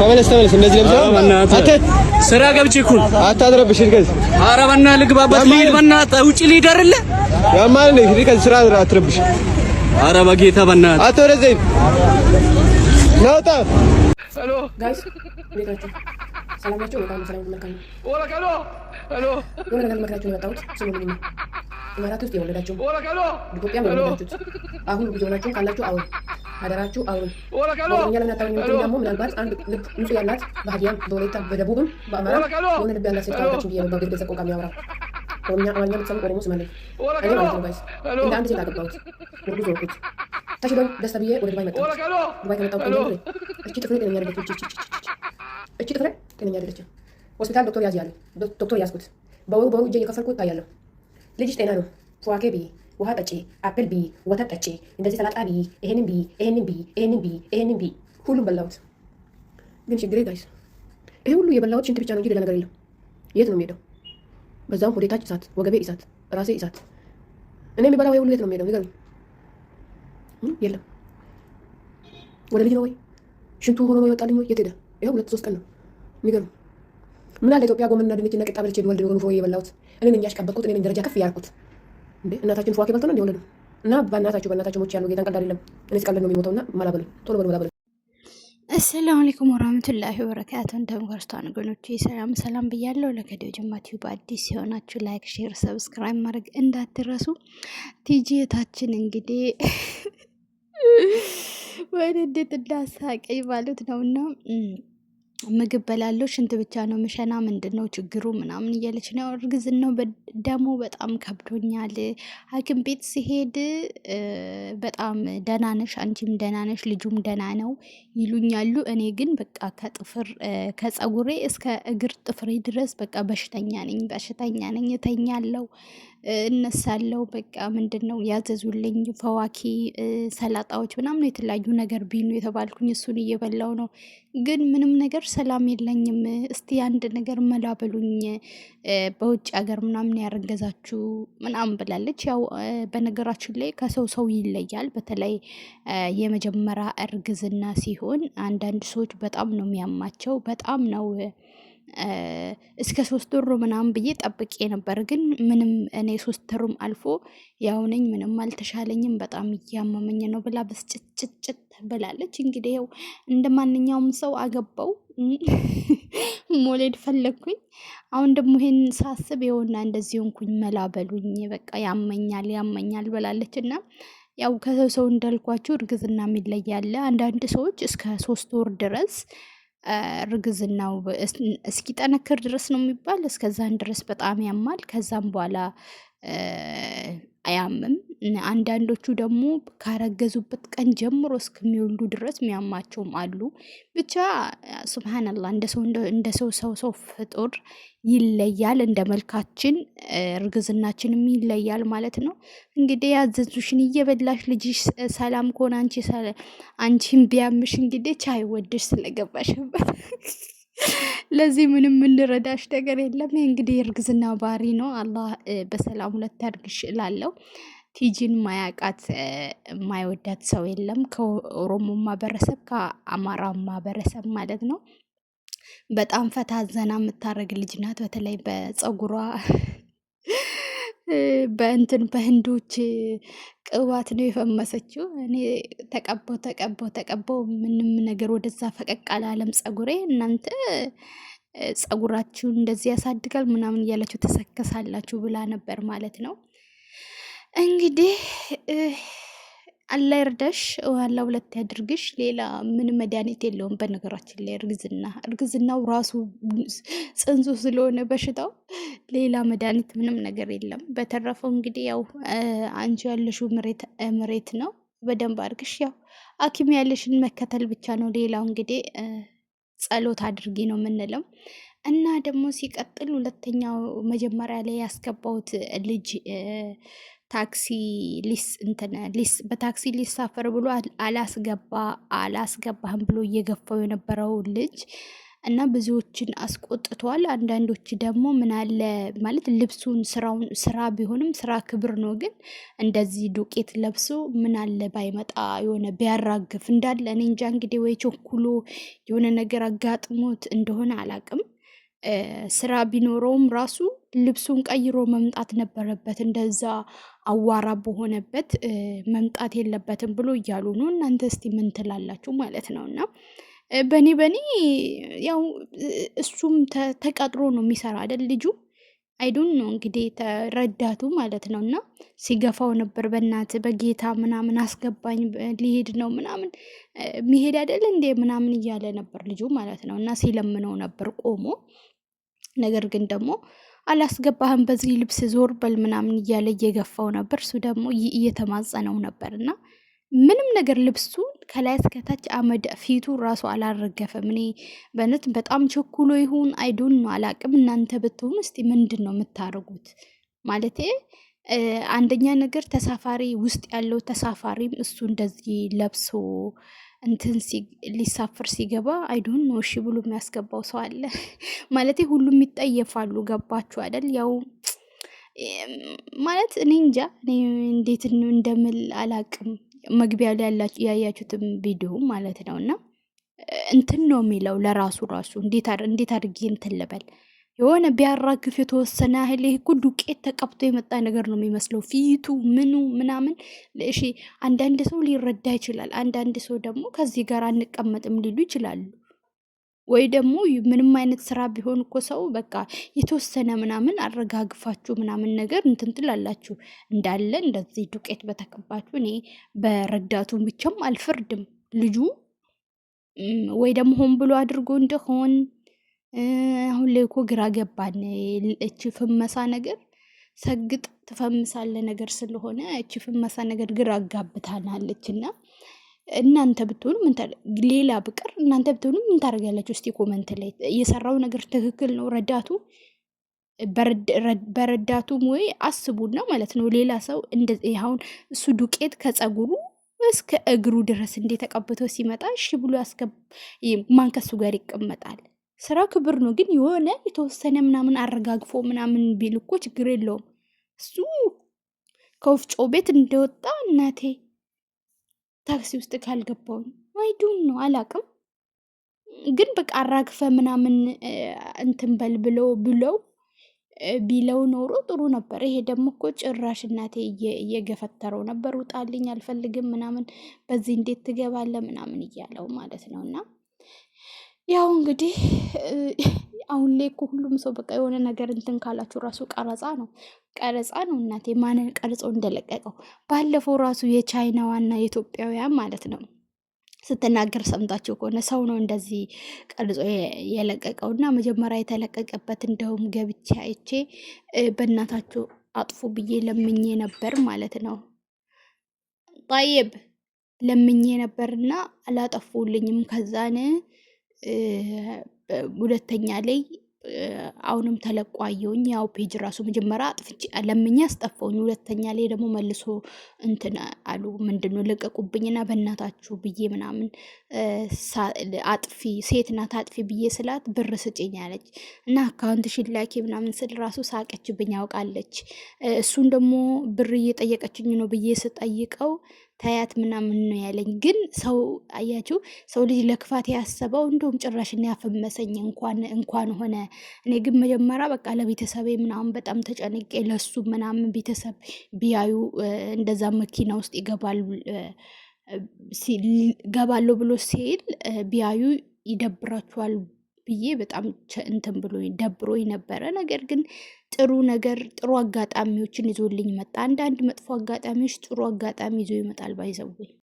ተመለስ ተመለስ። እንደዚህ ለምሳ አትሄድ። ስራ ገብቼ እኮ ነው። አታድረብሽ። እርገዝ። ኧረ በእናትህ ልግባበት። ልሂድ በእናትህ ውጪ ልሂድ አይደለ? ያማል ነው እንግዲህ ከዚህ ስራ አትረብሽ። ኧረ በጌታ በእናትህ አትወደዘኝ። ናውጣ ሄሎ ጋይስ ሰላማችሁ በጣም ሰላም መልካም ነው። ወላካሎ ሄሎ የሆነ ነገር መክራችሁ የመጣሁት ስሙልኝ ነው። ኢማራት ውስጥ የወለዳችሁ ኢትዮጵያ የወለዳችሁት አሁን ብዙ ሆናችሁም ካላችሁ አሁን አደራችሁ አሁን ኦሮምኛ ለናታው ምትል ደግሞ ምናልባት አንድ ልብ ንጹ ያላት በሀዲያም በወላይታ በደቡብም በአማራ የሆነ ልብ ያላት ሴት ካላችሁ ብዬ ነው። በግድ ቤተሰብ ቆንቃ የሚያወራ ኦሮምኛ አማርኛ ምትሰሙ ኦሮሞ ስመለኝ እኔ ማለት ነው። ባይስ እንደ አንድ ሴት አገባሁት፣ ምርጉዝ ሆንኩት። ተሽሎኝ ደስታ ብዬ ወደ ዱባይ መጣሁት። ዱባይ ከመጣሁ ቆንጆ ጥፍሬ እቺ ጥፍሬ ጤነኛ አይደለችም። እቺ ጥፍሬ ጤነኛ አይደለችም። ሆስፒታል ዶክተር ያዝ ያለ ዶክተር ያዝኩት። በወሩ በወሩ እጄ እየከፈልኩ እታያለሁ። ልጅሽ ጤና ነው ፏዋኬ ብዬ ውሃ ጠጪ፣ አፕል ቢ፣ ወተት ጠጪ፣ እንደዚህ ሰላጣ ቢ፣ ይሄንን ቢ፣ ይሄንን ቢ፣ ይሄንን ቢ፣ ይሄንን ቢ፣ ሁሉም በላሁት። ግን ችግሬ ጋይስ ይሄ ሁሉ የበላሁት ሽንት ብቻ ነው እንጂ ሌላ ነገር የለም። የት ነው የሚሄደው? በዛውም ወደ እሳት፣ ወገቤ እሳት፣ ራሴ እሳት። እኔ የሚበላው ይሄ ሁሉ የት ነው የሚሄደው? ንገሩኝ። የለም ወደ ልጅ ነው ወይ ሽንቱ ሆኖ ነው ይወጣልኝ ወይ? የት ሄደ? ይኸው ሁለት ሶስት ቀን ነው የሚገርም ምን አለ ኢትዮጵያ ጎመንና ድንችና ቅጣ በልቼ ቢወልድ ኑሮ የበላሁት እኔ ነኝ ያሽቀበጥኩት፣ እኔ ነኝ ደረጃ ከፍ ያርኩት። እናታችን ፏ በልቶ ነው እንዲሆነ ነው እና በእናታችሁ በእናታችሁ ሞች ያሉ ጌታን ቀልድ አይደለም። እኔ ቀልድ ነው የሚሞተው እና ማላበሉ ቶሎ በሉ ማላበሉ። አሰላሙ አለይኩም ወራህመቱላሂ ወበረካቱ። እንደምከርስቷን ጎኖቼ ሰላም ሰላም ብያለሁ። ለከዲዮ ጅማ ቲዩብ አዲስ የሆናችሁ ላይክ፣ ሼር፣ ሰብስክራይብ ማድረግ እንዳትረሱ። ቲጂታችን እንግዲህ ወይ እንዴት እንዳሳቀኝ ማለት ነው ነውና ምግብ በላለው ሽንት ብቻ ነው ምሸና፣ ምንድን ነው ችግሩ ምናምን እያለች ነው። እርግዝናው ደግሞ በጣም ከብዶኛል፣ ሐኪም ቤት ሲሄድ በጣም ደህና ነሽ፣ አንቺም ደህና ነሽ፣ ልጁም ደህና ነው ይሉኛሉ። እኔ ግን በቃ ከጥፍር ከጸጉሬ እስከ እግር ጥፍሬ ድረስ በቃ በሽተኛ ነኝ፣ በሽተኛ ነኝ፣ እተኛለው እነሳለው በቃ ምንድን ነው ያዘዙልኝ ፈዋኪ ሰላጣዎች ምናምን የተለያዩ ነገር ቢኑ የተባልኩኝ እሱን እየበላው ነው። ግን ምንም ነገር ሰላም የለኝም። እስቲ አንድ ነገር መላበሉኝ በውጭ ሀገር ምናምን ያረገዛችሁ ምናምን ብላለች። ያው በነገራችን ላይ ከሰው ሰው ይለያል። በተለይ የመጀመሪያ እርግዝና ሲሆን አንዳንድ ሰዎች በጣም ነው የሚያማቸው። በጣም ነው እስከ ሶስት ሩ ምናምን ብዬ ጠብቄ ነበር። ግን ምንም እኔ ሶስት ሩም አልፎ ያው ነኝ፣ ምንም አልተሻለኝም፣ በጣም እያመመኝ ነው ብላ ብስጭትጭትጭት ብላለች። እንግዲህ ያው እንደ ማንኛውም ሰው አገባው ሞሌድ ፈለግኩኝ። አሁን ደግሞ ይሄን ሳስብ የሆና እንደዚህ ሆንኩኝ፣ መላበሉኝ፣ በቃ ያመኛል ያመኛል ብላለች እና ያው ከሰው ሰው እንዳልኳችሁ እርግዝና የሚለያለ አንዳንድ ሰዎች እስከ ሶስት ወር ድረስ እርግዝናው እስኪጠነክር ድረስ ነው የሚባል። እስከዛን ድረስ በጣም ያማል። ከዛም በኋላ አያምም። አንዳንዶቹ ደግሞ ካረገዙበት ቀን ጀምሮ እስከሚወልዱ ድረስ የሚያማቸውም አሉ። ብቻ ስብሃነላ እንደ ሰው ሰው ሰው ፍጡር ይለያል፣ እንደ መልካችን እርግዝናችንም ይለያል ማለት ነው። እንግዲህ ያዘዙሽን እየበላሽ ልጅሽ ሰላም ከሆነ አንቺ አንቺን ቢያምሽ እንግዲህ ቻይ ወድሽ ስለገባሽበት ለዚህ ምንም የምንረዳሽ ነገር የለም። ይህ እንግዲህ እርግዝና ባህሪ ነው። አላህ በሰላም ሁለት ያድርግሽ እላለሁ። ቲጂን ማያቃት ማይወዳት ሰው የለም። ከኦሮሞ ማህበረሰብ ከአማራ ማህበረሰብ ማለት ነው። በጣም ፈታ ዘና የምታደርግ ልጅ ናት። በተለይ በፀጉሯ በእንትን በህንዶች ቅባት ነው የፈመሰችው። እኔ ተቀበው ተቀባው ተቀባው ምንም ነገር ወደዛ ፈቀቅ አላለም ጸጉሬ። እናንተ ጸጉራችሁን እንደዚህ ያሳድጋል ምናምን እያላችሁ ተሰከሳላችሁ ብላ ነበር ማለት ነው እንግዲህ አላ ይርዳሽ፣ አላህ ሁለት ያድርግሽ። ሌላ ምን መድኃኒት የለውም። በነገራችን ላይ እርግዝና እርግዝናው ራሱ ጽንሱ ስለሆነ በሽታው ሌላ መድኃኒት ምንም ነገር የለም። በተረፈው እንግዲህ ያው አንቺ ያለሽው መሬት ነው። በደንብ አድርግሽ። ያው ሐኪም ያለሽን መከተል ብቻ ነው። ሌላው እንግዲህ ጸሎት አድርጊ ነው የምንለው። እና ደግሞ ሲቀጥል ሁለተኛው መጀመሪያ ላይ ያስገባውት ልጅ ታክሲ ሊስ እንትን ሊስ በታክሲ ሊሳፈር ብሎ አላስገባ አላስገባህም ብሎ እየገፋው የነበረው ልጅ እና ብዙዎችን አስቆጥቷል። አንዳንዶች ደግሞ ምን አለ ማለት ልብሱን ስራውን ስራ ቢሆንም ስራ ክብር ነው፣ ግን እንደዚህ ዱቄት ለብሶ ምን አለ ባይመጣ የሆነ ቢያራግፍ እንዳለ እኔ እንጃ እንግዲህ ወይ ቸኩሎ የሆነ ነገር አጋጥሞት እንደሆነ አላቅም። ስራ ቢኖረውም ራሱ ልብሱን ቀይሮ መምጣት ነበረበት። እንደዛ አዋራ በሆነበት መምጣት የለበትም ብሎ እያሉ ነው። እናንተ እስቲ ምን ትላላችሁ ማለት ነው እና በኔ በኔ ያው እሱም ተቀጥሮ ነው የሚሰራ አይደል ልጁ አይዱን ነው እንግዲህ ተረዳቱ ማለት ነው። እና ሲገፋው ነበር በእናት በጌታ ምናምን አስገባኝ ሊሄድ ነው ምናምን ሚሄድ አይደል እንዴ ምናምን እያለ ነበር ልጁ ማለት ነው። እና ሲለምነው ነበር ቆሞ ነገር ግን ደግሞ አላስገባህም በዚህ ልብስ ዞር በል ምናምን እያለ እየገፋው ነበር። እሱ ደግሞ እየተማጸነው ነበር እና ምንም ነገር ልብሱ ከላይ እስከታች አመድ ፊቱ ራሱ አላረገፈም። እኔ በእውነት በጣም ቸኩሎ ይሁን አይዶን ነው አላቅም። እናንተ ብትሆኑ እስቲ ምንድን ነው የምታደርጉት? ማለቴ አንደኛ ነገር ተሳፋሪ ውስጥ ያለው ተሳፋሪም እሱ እንደዚህ ለብሶ እንትን ሊሳፍር ሲገባ አይዶን ነው እሺ ብሎ የሚያስገባው ሰው አለ ማለት ሁሉም ይጠየፋሉ። ገባችሁ አይደል? ያው ማለት እኔ እንጃ እንዴት እንደምል አላቅም። መግቢያ ላይ ያያችሁትም ቪዲዮ ማለት ነው እና እንትን ነው የሚለው ለራሱ ራሱ እንዴት አድርጌ እንትን ልበል የሆነ ቢያራግፍ የተወሰነ ያህል ይሄ እኮ ዱቄት ተቀብቶ የመጣ ነገር ነው የሚመስለው ፊቱ ምኑ ምናምን። እሺ አንዳንድ ሰው ሊረዳ ይችላል። አንዳንድ ሰው ደግሞ ከዚህ ጋር አንቀመጥም ሊሉ ይችላሉ። ወይ ደግሞ ምንም አይነት ስራ ቢሆን እኮ ሰው በቃ የተወሰነ ምናምን አረጋግፋችሁ ምናምን ነገር እንትን ትላላችሁ እንዳለ እንደዚህ ዱቄት በተቀባችሁ። እኔ በረዳቱን ብቻም አልፈርድም። ልጁ ወይ ደግሞ ሆን ብሎ አድርጎ እንደሆን አሁን ላይ እኮ ግራ ገባን። እቺ ፍመሳ ነገር ሰግጥ ትፈምሳለ ነገር ስለሆነ እቺ ፍመሳ ነገር ግራ አጋብታናለች። እና እናንተ ብትሆኑ ሌላ ብቅር እናንተ ብትሆኑ ምን ታደርጋላችሁ? እስቲ ኮመንት ላይ የሰራው ነገር ትክክል ነው ረዳቱ በረዳቱም ወይ አስቡና ማለት ነው። ሌላ ሰው እንደዚህ አሁን እሱ ዱቄት ከጸጉሩ እስከ እግሩ ድረስ እንደተቀብተው ሲመጣ እሺ ብሎ ማን ከሱ ጋር ይቀመጣል? ስራ ክብር ነው፣ ግን የሆነ የተወሰነ ምናምን አረጋግፎ ምናምን ቢል እኮ ችግር የለውም። እሱ ከወፍጮ ቤት እንደወጣ እናቴ ታክሲ ውስጥ ካልገባውኝ አይዱን ነው አላቅም። ግን በቃ አራግፈ ምናምን እንትን በል ብለው ብለው ቢለው ኖሮ ጥሩ ነበር። ይሄ ደግሞ እኮ ጭራሽ እናቴ እየገፈተረው ነበር፣ ውጣልኝ፣ አልፈልግም ምናምን፣ በዚህ እንዴት ትገባለ ምናምን እያለው ማለት ነው እና ያው እንግዲህ አሁን ላይ እኮ ሁሉም ሰው በቃ የሆነ ነገር እንትን ካላችሁ ራሱ ቀረጻ ነው ቀረጻ ነው እናቴ ማንን ቀርጾ እንደለቀቀው ባለፈው ራሱ የቻይናዋና የኢትዮጵያውያን ማለት ነው ስትናገር ሰምታችሁ ከሆነ ሰው ነው እንደዚህ ቀርጾ የለቀቀው እና መጀመሪያ የተለቀቀበት እንደውም ገብቼ አይቼ በእናታችሁ አጥፉ ብዬ ለምኜ ነበር ማለት ነው ጠይብ ለምኜ ነበርና አላጠፉልኝም ከዛን ሁለተኛ ላይ አሁንም ተለቆ ያው ፔጅ ራሱ መጀመሪያ አጥፍቼ ለምኜ አስጠፋውኝ። ሁለተኛ ላይ ደግሞ መልሶ እንትን አሉ ምንድን ነው ልቀቁብኝና በእናታችሁ ብዬ ምናምን አጥፊ ሴት ናት አጥፊ ብዬ ስላት ብር ስጭኝ አለች እና አካውንት ሽላኪ ምናምን ስል ራሱ ሳቀችብኝ። ያውቃለች እሱን ደግሞ ብር እየጠየቀችኝ ነው ብዬ ስጠይቀው ታያት ምናምን ነው ያለኝ። ግን ሰው አያችሁ፣ ሰው ልጅ ለክፋት ያሰበው እንደውም ጭራሽ እና ያፈመሰኝ እንኳን እንኳን ሆነ። እኔ ግን መጀመሪያ በቃ ለቤተሰቤ ምናምን በጣም ተጨንቄ ለሱ ምናምን ቤተሰብ ቢያዩ እንደዛ መኪና ውስጥ ይገባል ገባለሁ ብሎ ሲል ቢያዩ ይደብራችኋል ብዬ በጣም እንትን ብሎ ደብሮ ነበረ። ነገር ግን ጥሩ ነገር ጥሩ አጋጣሚዎችን ይዞልኝ መጣ። አንዳንድ መጥፎ አጋጣሚዎች ጥሩ አጋጣሚ ይዞ ይመጣል ባይዘወኝ